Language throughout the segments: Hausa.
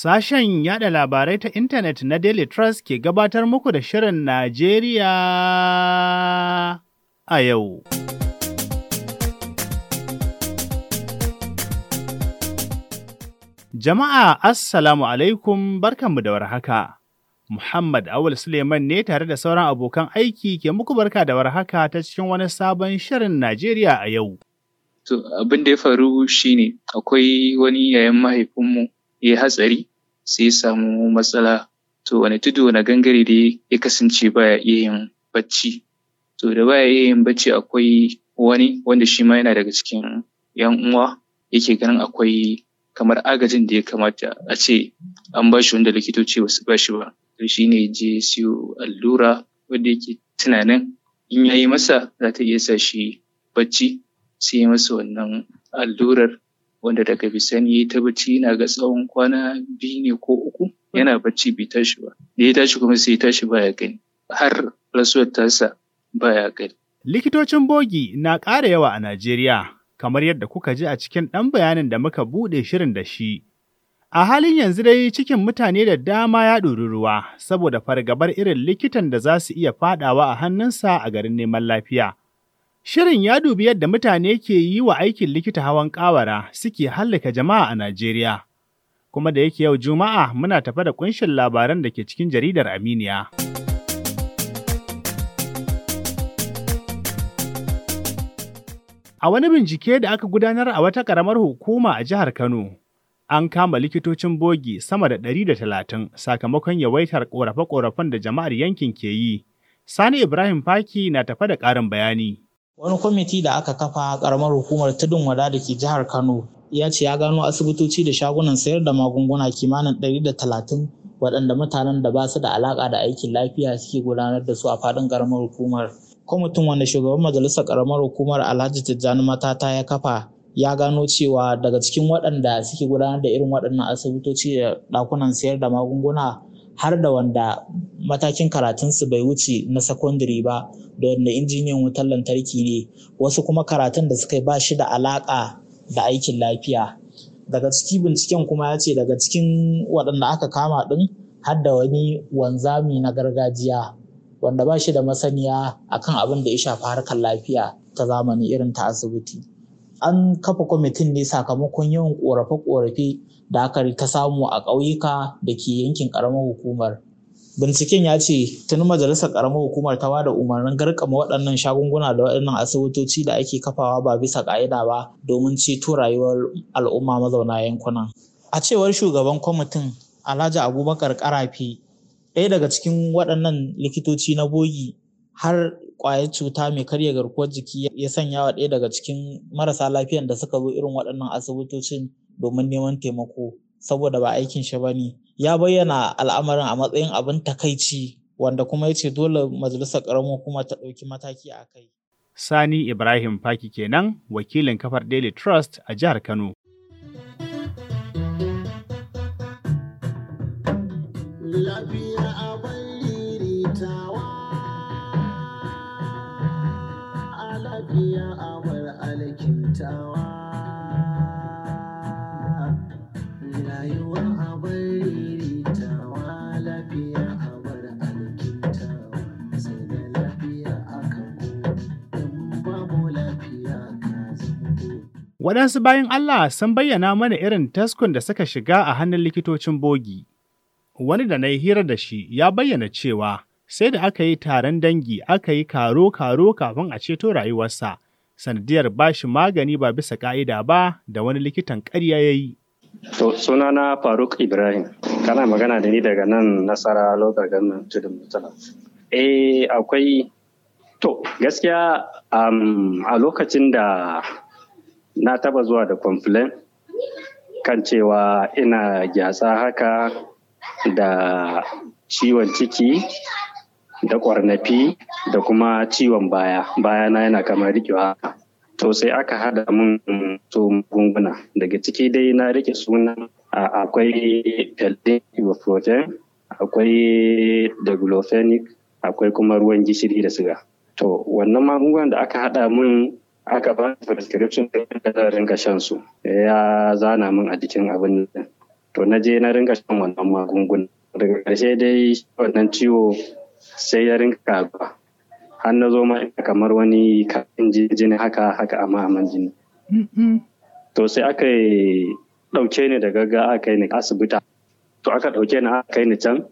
Sashen yada labarai ta intanet na Daily Trust ke gabatar muku da Shirin Najeriya a yau. Jama'a Assalamu alaikum barkanmu da warhaka. Muhammad Awul Suleiman ne tare da sauran abokan aiki ke muku barka da warhaka ta cikin wani sabon Shirin Najeriya a yau. abin da ya faru shi ne. akwai wani yayan mahaifinmu ya hatsari sai ya samu matsala to wani tudu wani gangare dai ya kasance baya iya yin bacci to da baya iya yin bacci akwai wani wanda shi ma yana daga cikin yan uwa yake ganin akwai kamar agajin da ya kamata a ce an ba shi wanda likitoci ba su ba shi ba to shi ne je siyo allura wanda yake tunanin in ya yi masa za ta iya sa shi bacci sai ya masa wannan allurar wanda daga bisani ta bacci yana ga tsawon kwana biyu ne ko uku yana bacci bai tashi ba da ya tashi kuma sai ya tashi baya gani har rasuwar tasa baya gani. Likitocin bogi na ƙara yawa a Najeriya kamar yadda kuka ji a cikin ɗan bayanin da muka buɗe shirin da shi. A halin yanzu dai cikin mutane da dama ya ɗori ruwa saboda fargabar irin likitan da za su iya faɗawa a hannunsa a garin neman lafiya. Shirin ya dubi yadda mutane ke yi wa aikin likita hawan ƙawara suke hallaka jama'a a Najeriya. Kuma da yake yau Juma'a muna tafa da ƙunshin labaran da ke cikin jaridar Aminiya. A wani bincike da aka gudanar a wata ƙaramar hukuma a jihar Kano, an kama likitocin bogi sama da ɗari da talatin sakamakon yawaitar ƙorafe-ƙorafen da jama'ar yankin ke yi. Sani Ibrahim Faki na tafa da ƙarin bayani. Wani kwamiti da aka kafa karamar hukumar tudun wada da ke jihar Kano ya ce ya gano asibitoci da shagunan sayar da magunguna kimanin talatin waɗanda mutanen da ba su da alaƙa da aikin lafiya suke gudanar da su a faɗin ƙaramar hukumar. Kwamitin wanda shugaban majalisar karamar hukumar Alhaji Tijjani Matata ya kafa ya gano cewa daga cikin waɗanda suke gudanar da irin waɗannan asibitoci da ɗakunan sayar da magunguna har da wanda matakin karatunsu bai wuce na sakondare ba da wanda injiniyan wutar lantarki ne wasu kuma karatun da suka ba shi da alaƙa da aikin lafiya daga ciki binciken kuma ya ce daga cikin waɗanda aka kama ɗin har da wani wanzami na gargajiya wanda ba shi da masaniya akan abin da ya shafi harkar lafiya ta zamani irin ta asibiti. an kafa kwamitin ne sakamakon yawan korafe-korafe da aka ta samu a ƙauyuka da ke yankin ƙaramar hukumar. Binciken ya ce tun majalisar ƙaramar hukumar ta bada umarnin garkama waɗannan shagunguna da waɗannan asibitoci da ake kafawa ba bisa ƙa'ida ba domin ceto rayuwar al'umma mazauna yankunan. A cewar shugaban kwamitin Alhaji Abubakar Karafi ɗaya daga cikin waɗannan likitoci na bogi har kwayar cuta mai karya garkuwar jiki ya sanya wa ɗaya daga cikin marasa lafiyan da suka zo irin waɗannan asibitocin domin neman taimako saboda ba aikin shi bane ya bayyana al'amarin a matsayin abin takaici wanda kuma ya ce dole majalisar ƙaramin kuma ta ɗauki mataki a kai. Sani Ibrahim Faki kenan wakilin kafar Daily Trust a jihar Kano. Waɗansu bayan Allah sun bayyana mana irin taskun da suka shiga a hannun likitocin bogi. Wani da na yi hira da shi ya bayyana cewa sai da aka yi taron dangi aka yi karo-karo kafin a ceto rayuwarsa. sanadiyar bashi magani ba bisa ka'ida ba da wani likitan ƙarya ya yi. To sunana Faruk Ibrahim, kana magana da ni daga nan nasara lokar gannan tudun mutala. Eh akwai to gaskiya um, a lokacin da na taba zuwa da complain kan cewa ina gyatsa haka da ciwon ciki da ƙwarnafi da kuma ciwon baya bayana yana kamar rikewa to sai aka hada mun to gunguna. daga ciki dai na rike suna akwai ibuprofen, akwai diclofenic akwai kuma ruwan gishiri da siga to wannan magungunan da aka hada mun aka ba prescription da zan rinka shan su ya zana mun a jikin abin to na je na rinka shan wannan magungunan daga ƙarshe dai wannan ciwo sai ya rinka ba har na zo kamar wani kafin jini haka haka amma aman jini to sai aka yi ɗauke ni da gagga aka yi ni asibita to aka ɗauke ni aka yi ni can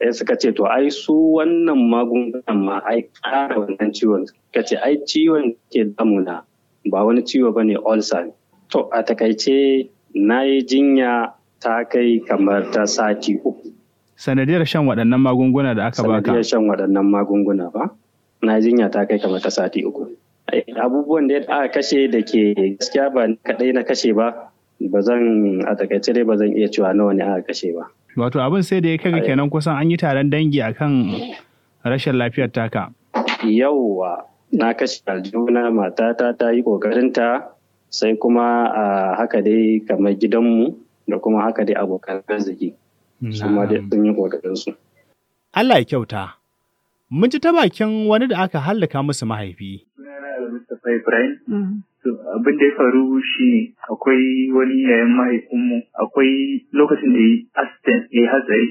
sai suka ce to ai su wannan magungunan ma ai ƙara wannan ciwon suka ce ai ciwon ke damuna ba wani ciwo ba ne ulcer to a takaice na yi jinya ta kai kamar ta sati uku sanadiyar shan waɗannan magunguna da aka baka sanadiyar shan waɗannan magunguna ba na jinya ta kai kamar ta sati uku abubuwan da aka kashe da ke gaskiya ba kaɗai na kashe ba ba zan a takaice dai ba zan iya cewa nawa ne aka kashe ba wato abin sai da ya kaga kenan kusan an yi taron dangi akan rashin lafiyar taka yauwa na kashe aljuna matata ta yi ƙoƙarinta sai kuma a haka dai kamar gidanmu da kuma haka dai abokan arziki ma dai sun yi ƙoƙarin Allah ya kyauta. Mun ji ta bakin wani da aka hallaka musu mahaifi. Ibrahim. Mm. Abin da ya faru shi akwai wani yayan mahaifinmu akwai lokacin da yi accident ya yi hatsari.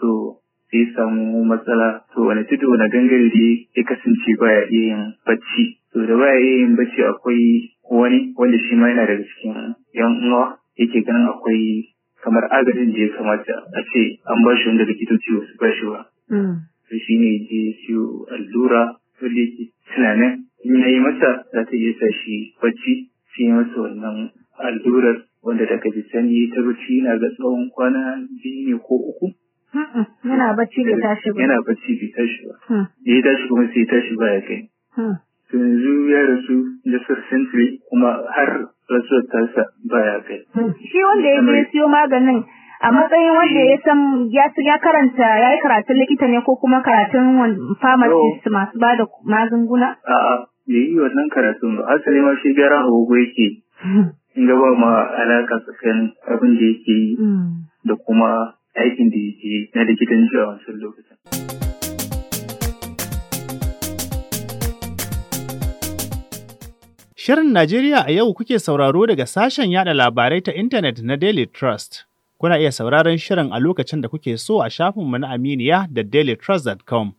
So mm. sai samu matsala to wani tudu wani gangare da ya kasance baya iya yin bacci. To da baya iya yin bacci akwai wani wanda shi ma yana daga cikin yan uwa yake ganin akwai kamar agajin da ya kamata a ce an ba shi wanda likitoci wasu ba shi ba. Mm. To shi ne je ciwo allura wanda yake tunanin in ya yi masa za ta iya sa shi bacci shi ya masa wannan allurar wanda daga sani ta bacci na ga tsawon kwana biyu ne ko uku. Yana bacci bai tashi ba. Yana bacci bai tashi ba. Mm. Da ya tashi kuma sai tashi ba ya kai. Mm. To yanzu ya rasu da sentry kuma har rasuwarsa ya kai. Hmm. Shi wanda ya je siyo maganin a matsayin wanda ya san ya karanta ya yi karatun likita ne ko kuma karatun pharmacist masu ba da magunguna? A'a, bai yi wannan karatun ba. Asali ma shi gyaran agogo yake. Hmm. In gaba ma alaka tsakanin abin da yake yi hmm. da kuma aikin da yake na likitan a wancan lokacin. Shirin Najeriya a yau kuke sauraro daga sashen yada labarai ta intanet na Daily Trust. Kuna iya sauraron shirin a lokacin da kuke so a shafinmu na Aminiya da dailytrust.com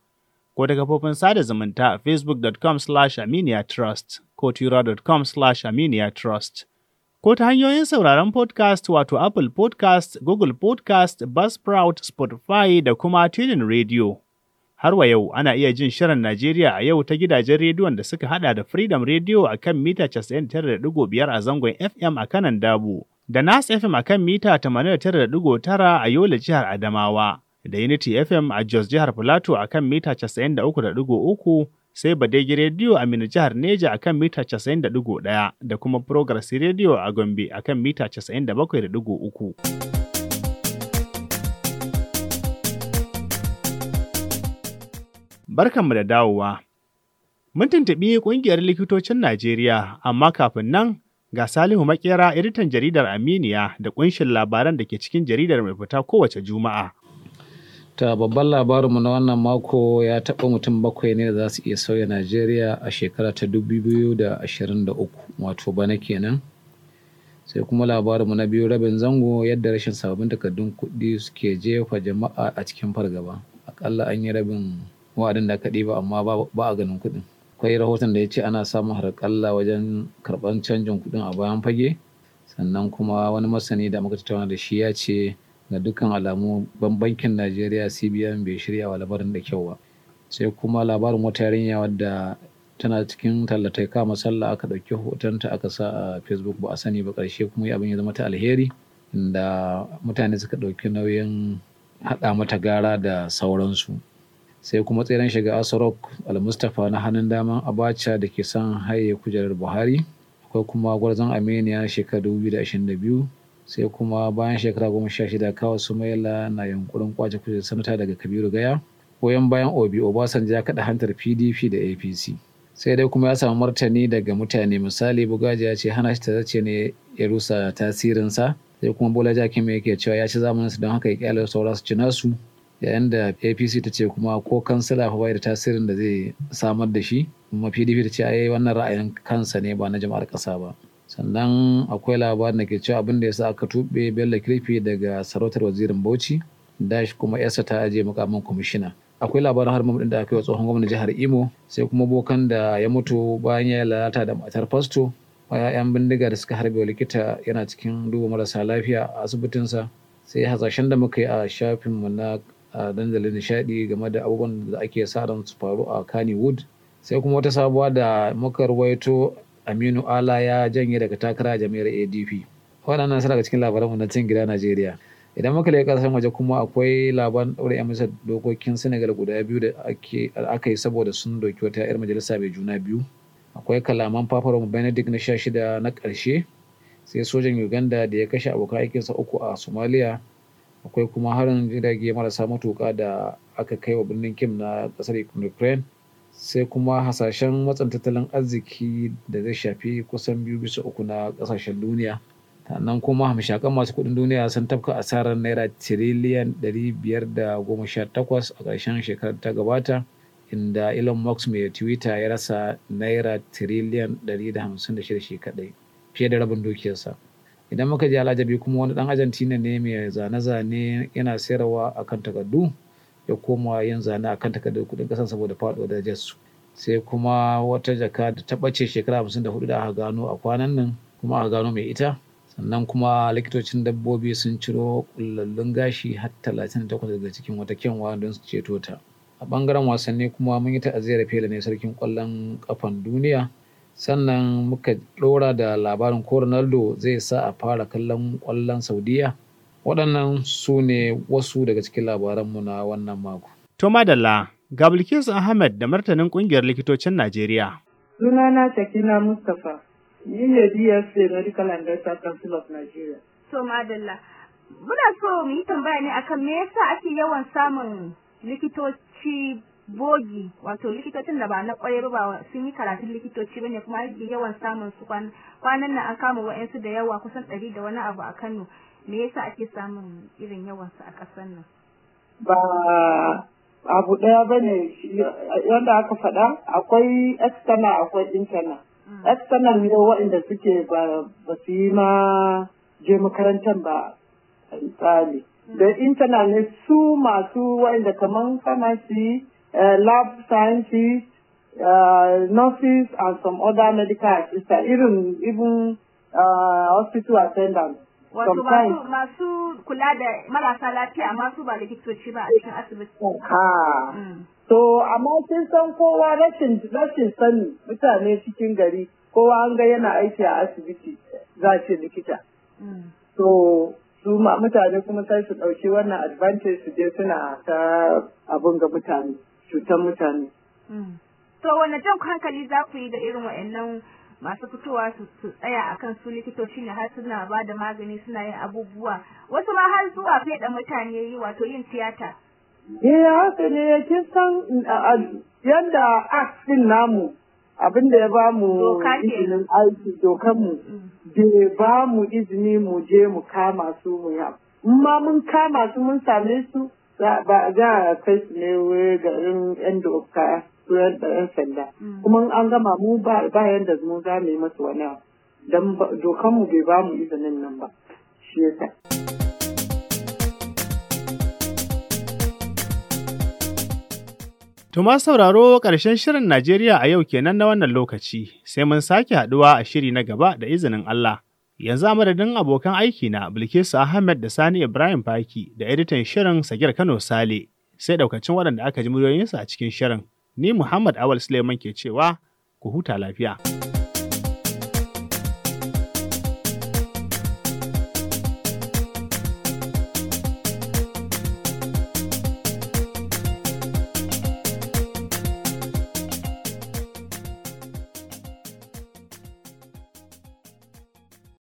ko ta kafofin sada zumunta a facebook.com slash aminiyatrust ko twittercom slash aminiyatrust ko ta hanyoyin sauraron podcast wato Apple podcast, Google podcast, Buzzsprout, Spotify da kuma Tuning Radio. Har wa yau ana iya jin shirin Najeriya a yau ta gidajen rediyon da suka hada da Freedom Radio a kan mita 99.5 a zangon FM a kanan dabu, da Nas FM a kan mita 89.9 a Yola jihar Adamawa, da Unity FM a Jos jihar Filato a kan mita 93.3 sai Badegi Radio a Mina jihar Neja a kan mita 90.1 da kuma Progress Radio a Gombe a kan mita 97.3. barkanmu da dawowa. Mun tuntuɓi ƙungiyar likitocin Najeriya, amma kafin nan ga Salihu Makera editan jaridar Aminiya da ƙunshin labaran da ke cikin jaridar mai fita kowace Juma'a. Ta babban labarinmu na wannan mako ya taɓa mutum bakwai ne da za su iya sauya Najeriya a shekara ta da da ashirin uku, wato bana kenan. Sai kuma labarinmu na biyu rabin zango yadda rashin sababbin takardun kuɗi suke jefa jama'a a cikin fargaba. Akalla an yi rabin wa'adin da aka ɗiba amma ba a ganin kuɗin akwai rahoton da ya ce ana samun harƙalla wajen karɓar canjin kuɗin a bayan fage sannan kuma wani masani da muka tattauna da shi ya ce ga dukkan alamu bankin najeriya cbn bai shirya wa labarin da kyau ba sai kuma labarin wata yarinya wadda tana cikin tallatai ka masalla aka ɗauki hotonta aka sa a facebook ba a sani ba ƙarshe kuma ya abin ya zama ta alheri da mutane suka ɗauki nauyin haɗa mata gara da sauransu sai kuma tseren shiga asarok al-mustapha na hannun daman abacha da ke son haye kujerar buhari akwai kuma gwarzon armenia shekaru 2022 sai kuma bayan shekara 16 kawo sumaila na yankurin kwace kujerar sanata daga kabiru gaya goyon bayan obi obasanjo ya kaɗa hantar pdp da apc sai dai kuma ya samu martani daga mutane misali bugaji ya ce hana shi ta zace ne ya rusa tasirinsa sai kuma bola jakin mai yake cewa ya ci zamaninsu don haka ya kyale saura su ci nasu yayin da apc ta ce kuma ko kansila fa bai da tasirin da zai samar da shi kuma pdp ta ce ai wannan ra'ayin kansa ne ba na jama'ar kasa ba sannan akwai labarin da ke cewa abin da ya sa aka tuɓe bello kirfi daga sarautar wazirin bauchi dash kuma yasa ta ajiye mukamin kwamishina akwai labarin har mamudin da aka yi tsohon gwamnan jihar imo sai kuma bokan da ya mutu bayan ya lalata da matar fasto yayan bindiga da suka harbe likita yana cikin duba marasa lafiya a asibitinsa sai hasashen da muka yi a shafinmu na a dandalin nishadi game da abubuwan da ake sa ran su faru a Kannywood. Sai kuma wata sabuwa da muka ruwaito Aminu Ala ya janye daga takara jami'ar ADP. Waɗannan suna daga cikin labaranmu na cin gida Najeriya. Idan muka leƙa ƙasashen waje kuma akwai labaran ɗaure 'yan majalisar dokokin Senegal guda biyu da aka yi saboda sun doki wata 'yar majalisa mai juna biyu. Akwai kalaman Papa Benedict na sha shida na ƙarshe sai sojan Uganda da ya kashe abokan aikinsa uku a Somalia akwai kuma harin jirage marasa matuka da aka kai wa birnin kim na kasar ukraine sai kuma hasashen matsan tattalin arziki da zai shafi kusan biyu bisa uku na kasashen duniya sannan kuma hamshakan masu kuɗin duniya sun tafka asarar naira tiriliyan 518 a ƙarshen shekarar ta gabata inda Elon Musk mai Twitter ya rasa naira tiriliyan 156 kadai fiye da rabin dukiyarsa. idan muka je alajabi kuma wani dan argentina ne mai zane-zane yana sayarwa a kan takardu ya koma yin zane a kan takardu kudin kasan saboda faɗo da jesu sai kuma wata jaka da ta ɓace shekara hamsin da hudu da aka gano a kwanan nan kuma aka gano mai ita sannan kuma likitocin dabbobi sun ciro kullallun gashi har talatin da takwas daga cikin wata kyanwa don su ceto ta a bangaren wasanni kuma mun yi ta'aziyar fela ne sarkin kwallon kafan duniya sannan muka ɗora da labarin ko ronaldo zai sa a fara kallon ƙwallon saudiya waɗannan su ne wasu daga cikin labaranmu na wannan mako. to madalla ga bilkisu ahmed da martanin ƙungiyar likitocin najeriya. sunana sakina mustapha ni ne DSC medical and dental council of nigeria. to madalla muna so mu yi tambaya ne akan me yasa ake yawan samun likitoci bogi wato likitocin da ba na kwarai ba sun yi karatun likitoci ba ne kuma ake yawan samun su kwanan nan an kama wa'ansu da yawa kusan ɗari da wani abu a Kano me yasa ake samun irin yawan su a ƙasar nan ba abu ɗaya bane wanda aka faɗa akwai external akwai internal mm. external ne waɗanda suke ba su yi ma je makarantar ba misali mm. da internal ne su masu waɗanda kamar kana su yi uh, lab scientists, uh, nurses, and some other medical assistants, even even uh, hospital attendants. Wato masu kula da marasa lafiya masu ba likitoci ba a cikin asibiti. Ah. Mm. So, amma kin san kowa rashin rashin sani mutane cikin gari, kowa an ga yana aiki a asibiti za ce likita. Mm. So, su mutane kuma sai su ɗauki wannan advantage su je suna ta abin ga mutane. cutar mutane. Mm. To wane jan hankali za ku yi da irin wa'annan masu fitowa su tsaya akan su likitoci ne har suna ba da magani suna yin abubuwa wasu ma har zuwa feɗa mutane yi wato yin tiyata. Ya eh, haka ne kin san yadda act namu abin da ya ba mu izinin aiki dokanmu mm. bai ba mu izini mu je mu kama su mu ya. ma mun kama su mun same su Ba za a kai su ne garin yan doka da yan sanda mm. kuma an gama mu ba yadda mu za mu yi masu wani abu don dokanmu bai ba mu izinin nan ba shi yasa. Tuma sauraro ƙarshen shirin Najeriya a yau kenan na wannan lokaci, sai mun sake haɗuwa a shiri na gaba da izinin Allah. Yanzu a madadin abokan na Bilkisu Ahmed da Sani Ibrahim Faki da editan shirin Sagir Kano Sale sai daukacin waɗanda aka ji muryoyinsu a cikin shirin. Ni Muhammad Awal Suleiman ke cewa ku huta lafiya.